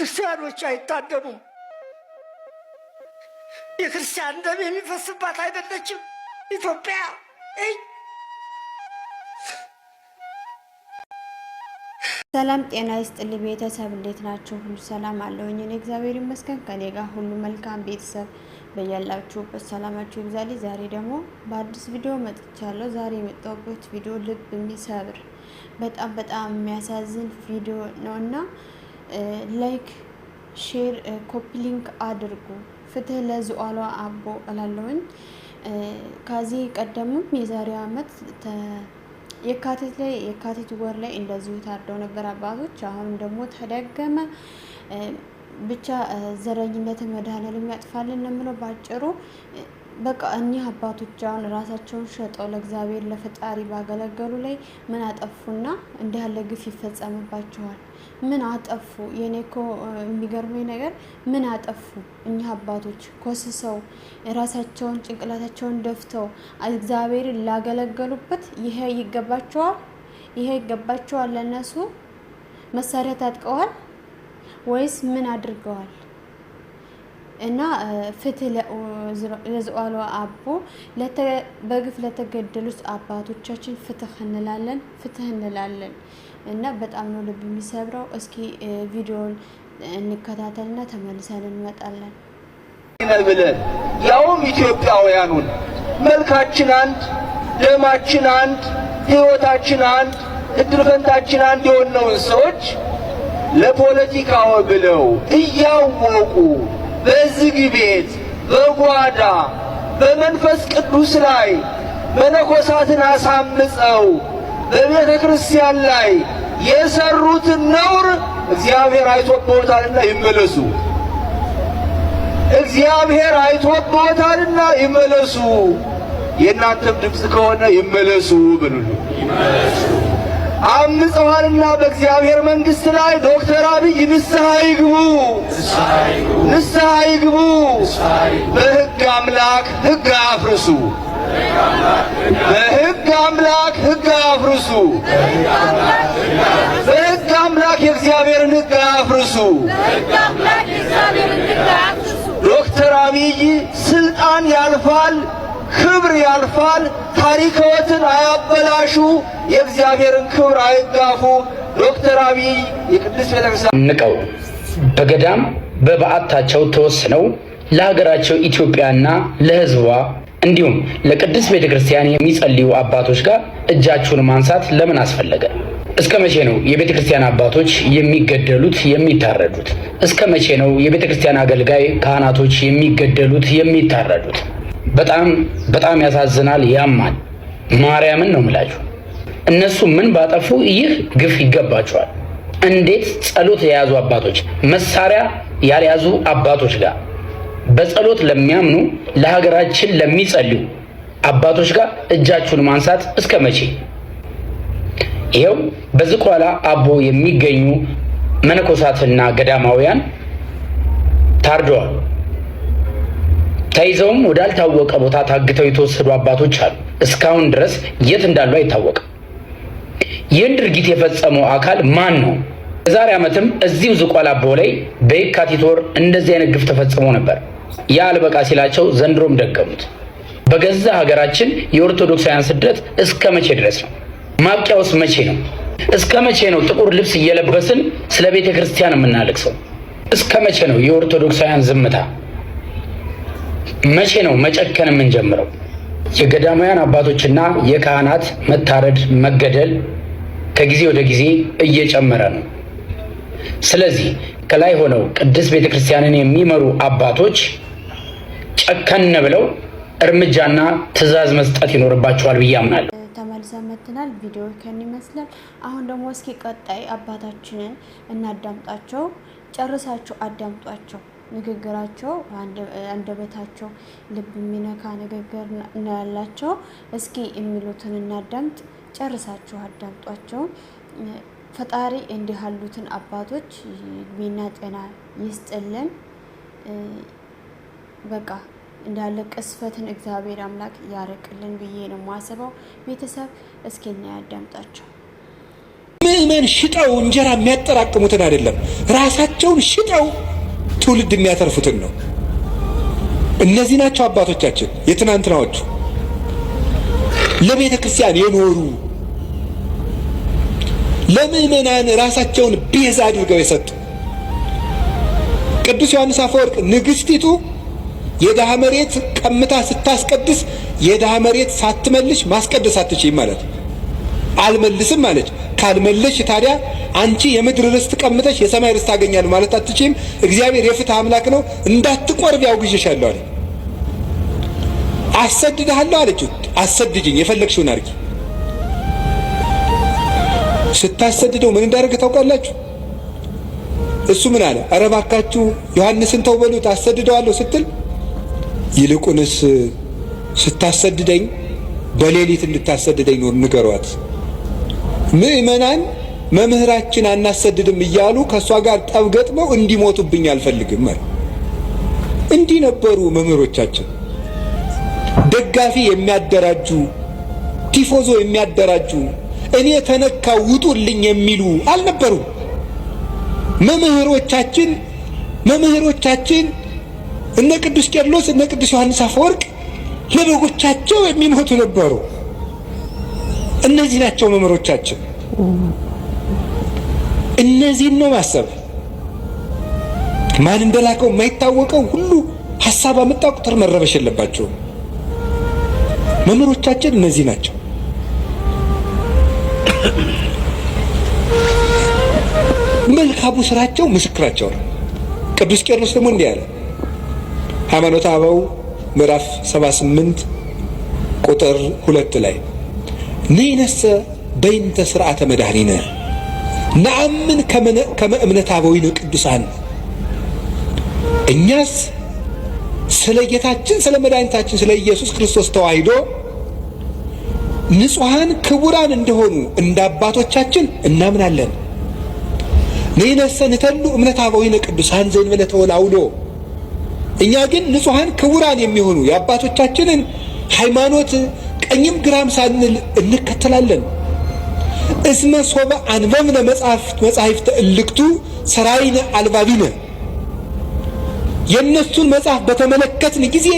ክርስቲያኖች አይታደኑም። የክርስቲያን ደም የሚፈስባት አይደለችም ኢትዮጵያ። ሰላም ጤና ይስጥልኝ ቤተሰብ፣ እንዴት ናችሁ? ሁሉ ሰላም አለውኝ። እኔ እግዚአብሔር ይመስገን ከኔ ጋር ሁሉ መልካም። ቤተሰብ በያላችሁበት ሰላማችሁ ይብዛልኝ። ዛሬ ደግሞ በአዲስ ቪዲዮ መጥቻለሁ። ዛሬ የመጣሁበት ቪዲዮ ልብ የሚሰብር በጣም በጣም የሚያሳዝን ቪዲዮ ነው እና ላይክ፣ ሼር፣ ኮፒ ሊንክ አድርጉ። ፍትህ ለዝዋሏ አቦ እላለሁኝ። ከዚህ ቀደምም የዛሬ አመት የካቲት ላይ የካቲት ወር ላይ እንደዚሁ ታርደው ነበር አባቶች። አሁንም ደግሞ ተደገመ። ብቻ ዘረኝነትን መድኃኔዓለም ያጥፋልን ነው የምለው ባጭሩ። በቃ እኒህ አባቶች አሁን ራሳቸውን ሸጠው ለእግዚአብሔር ለፈጣሪ ባገለገሉ ላይ ምን አጠፉና እንዲህ ያለ ግፍ ይፈጸምባቸዋል? ምን አጠፉ? የኔ እኮ የሚገርመኝ ነገር ምን አጠፉ? እኚህ አባቶች ኮስሰው ራሳቸውን ጭንቅላታቸውን ደፍተው እግዚአብሔር ላገለገሉበት ይሄ ይገባቸዋል፣ ይሄ ይገባቸዋል። ለእነሱ መሳሪያ ታጥቀዋል ወይስ ምን አድርገዋል? እና ፍትህ ለዝቋላ አቦ በግፍ ለተገደሉት አባቶቻችን ፍትህ እንላለን፣ ፍትህ እንላለን። እና በጣም ነው ልብ የሚሰብረው። እስኪ ቪዲዮን እንከታተልና ተመልሰን እንመጣለን። ብለን ያውም ኢትዮጵያውያኑን መልካችን አንድ፣ ደማችን አንድ፣ ህይወታችን አንድ፣ እድል ፈንታችን አንድ የሆነውን ሰዎች ለፖለቲካው ብለው እያወቁ በዝግ ቤት፣ በጓዳ በመንፈስ ቅዱስ ላይ መነኮሳትን አሳምፀው በቤተ ክርስቲያን ላይ የሰሩትን ነውር እግዚአብሔር አይቶብዎታልና ይመለሱ። እግዚአብሔር አይቶብዎታልና ይመለሱ። የእናንተም ድምፅ ከሆነ ይመለሱ ብሉልኝ። አምፀዋልና በእግዚአብሔር መንግሥት ላይ ዶክተር አብይ ንስሐ ይግቡ፣ ንስሐ ይግቡ፣ በሕግ አምላክ ሕግ አፍርሱ፣ በሕግ አምላክ ሕግ አፍርሱ፣ በሕግ አምላክ የእግዚአብሔርን ሕግ አፍርሱ። ዶክተር አብይ ስልጣን ያልፋል ክብር ያልፋል። ታሪክ ሕይወትን አያበላሹ። የእግዚአብሔርን ክብር አይጋፉ። ዶክተር አብይ የቅዱስ ቤተክርስቲያን ንቀው በገዳም በበዓታቸው ተወስነው ለሀገራቸው ኢትዮጵያና ለሕዝቧ እንዲሁም ለቅድስት ቤተ ክርስቲያን የሚጸልዩ አባቶች ጋር እጃችሁን ማንሳት ለምን አስፈለገ? እስከ መቼ ነው የቤተ ክርስቲያን አባቶች የሚገደሉት የሚታረዱት? እስከ መቼ ነው የቤተ ክርስቲያን አገልጋይ ካህናቶች የሚገደሉት የሚታረዱት? በጣም በጣም ያሳዝናል፣ ያማል። ማርያምን ነው የምላችሁ። እነሱ ምን ባጠፉ ይህ ግፍ ይገባቸዋል። እንዴት ጸሎት የያዙ አባቶች መሳሪያ ያልያዙ አባቶች ጋር በጸሎት ለሚያምኑ ለሀገራችን ለሚጸልዩ አባቶች ጋር እጃችሁን ማንሳት እስከ መቼ? ይኸው በዝቋላ አቦ የሚገኙ መነኮሳትና ገዳማውያን ታርደዋል። ተይዘውም ወዳልታወቀ ቦታ ታግተው የተወሰዱ አባቶች አሉ። እስካሁን ድረስ የት እንዳሉ አይታወቅም። ይህን ድርጊት የፈጸመው አካል ማን ነው? የዛሬ ዓመትም እዚሁ ዝቋላ አቦ ላይ በየካቲት ወር እንደዚህ አይነት ግፍ ተፈጽሞ ነበር። ያ አልበቃ ሲላቸው ዘንድሮም ደገሙት። በገዛ ሀገራችን የኦርቶዶክሳውያን ስደት እስከ መቼ ድረስ ነው? ማብቂያውስ መቼ ነው? እስከ መቼ ነው ጥቁር ልብስ እየለበስን ስለ ቤተ ክርስቲያን የምናለቅሰው? እስከ መቼ ነው የኦርቶዶክሳውያን ዝምታ? መቼ ነው መጨከን የምንጀምረው? የገዳማውያን አባቶችና የካህናት መታረድ፣ መገደል ከጊዜ ወደ ጊዜ እየጨመረ ነው። ስለዚህ ከላይ ሆነው ቅድስት ቤተ ክርስቲያንን የሚመሩ አባቶች ጨከን ብለው እርምጃና ትዕዛዝ መስጠት ይኖርባቸዋል ብዬ አምናለሁ። ተመልሰን መጥተናል። ቪዲዮ ከን ይመስላል። አሁን ደግሞ እስኪ ቀጣይ አባታችንን እናዳምጣቸው። ጨርሳችሁ አዳምጧቸው። ንግግራቸው አንደበታቸው ልብ የሚነካ ንግግር ነው ያላቸው። እስኪ የሚሉትን እናዳምጥ። ጨርሳችሁ አዳምጧቸው። ፈጣሪ እንዲህ ያሉትን አባቶች እድሜና ጤና ይስጥልን። በቃ እንዳለ ቅስፈትን እግዚአብሔር አምላክ ያርቅልን ብዬ ነው የማስበው። ቤተሰብ እስኪ እናያዳምጣቸው። ምዕመን ሽጠው እንጀራ የሚያጠራቅሙትን አይደለም ራሳቸውን ሽጠው ትውልድ የሚያተርፉትን ነው። እነዚህ ናቸው አባቶቻችን የትናንትናዎቹ ለቤተ ክርስቲያን የኖሩ ለምእመናን ራሳቸውን ቤዛ አድርገው የሰጡ ቅዱስ ዮሐንስ አፈወርቅ ንግሥቲቱ የድሃ መሬት ቀምታ ስታስቀድስ የድሃ መሬት ሳትመልሽ ማስቀደስ አትችይም ማለት አልመልስም አለች። ካልመለሽ ታዲያ አንቺ የምድር ርስት ቀምተሽ የሰማይ ርስት ታገኛለሽ ማለት አትችም። እግዚአብሔር የፍትህ አምላክ ነው፣ እንዳትቆርብ ያውግዤሻለሁ አለ። አሰድድሃለሁ አለችው። አሰድጅኝ፣ የፈለግሽውን አርጊ። ስታሰድደው ምን እንዳደረገ ታውቃላችሁ? እሱ ምን አለ? ኧረ እባካችሁ ዮሐንስን ተው በሉት አሰድደዋለሁ ስትል፣ ይልቁንስ ስታሰድደኝ በሌሊት እንድታሰድደኝ ንገሯት ምእመናን መምህራችን አናሰድድም እያሉ ከእሷ ጋር ጠብ ገጥመው እንዲሞቱብኝ አልፈልግም። እንዲህ ነበሩ መምህሮቻችን። ደጋፊ የሚያደራጁ ቲፎዞ የሚያደራጁ እኔ ተነካ ውጡልኝ የሚሉ አልነበሩም። መምህሮቻችን መምህሮቻችን እነ ቅዱስ ቄርሎስ እነ ቅዱስ ዮሐንስ አፈወርቅ ለበጎቻቸው የሚሞቱ ነበሩ። እነዚህ ናቸው መምህሮቻችን። እነዚህን ነው ማሰብ። ማን እንደላከው የማይታወቀው ሁሉ ሀሳብ አመጣ ቁጥር መረበሽ የለባቸውም። መምህሮቻችን እነዚህ ናቸው። መልካቡ ስራቸው ምስክራቸው ነው። ቅዱስ ቄርሎስ ደግሞ እንዲህ አለ። ሃይማኖተ አበው ምዕራፍ 78 ቁጥር ሁለት ላይ ንይነሰ በይንተ ስርዓተ መድኃኒነ ንአምን ከመ እምነታበዊነ ቅዱሳን እኛስ ስለ ጌታችን ስለ መድኃኒታችን ስለ ኢየሱስ ክርስቶስ ተዋሂዶ ንጹሐን ክቡራን እንደሆኑ እንደ አባቶቻችን እናምናለን። ንይነሰ ንተሉ እምነታበዊነ ቅዱሳን ዘእንበለ ተወላውዶ እኛ ግን ንጹሐን ክቡራን የሚሆኑ የአባቶቻችንን ሃይማኖት ቀኝም ግራም ሳንል እንከተላለን። እስመ ሶበ አንበብነ መጻሕፍተ እልክቱ ሰራይነ አልባቢነ የእነሱን መጽሐፍ በተመለከትን ጊዜ